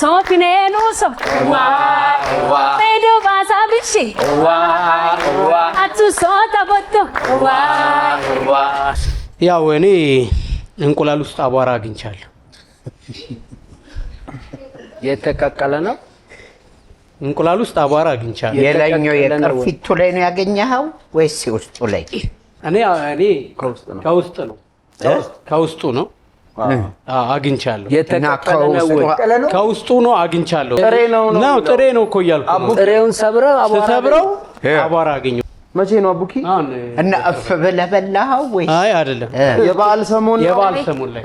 ሶፊኔን ያው እኔ እንቁላል ውስጥ አቧራ አግኝቻለሁ። የተቀቀለ ነው። እንቁላል ውስጥ አቧራ አግኝቻለሁ። የላይኛው የቅርፊቱ ላይ ነው ያገኘኸው ወይስ ውስጡ ላይ? እኔ ነው። ከውስጡ ነው። አግኝቻለሁ። ከውስጡ ነው አግኝቻለሁ። ጥሬ ነው እኮ እያልኩ ጥሬውን ሰብረው ሰብረው አቧራ አገኘሁ። መቼ ነው አቡኪ? እና እፍ ብለህ በላኸው ወይስ? አይ አይደለም፣ የበዓል ሰሞን የበዓል ሰሞን ላይ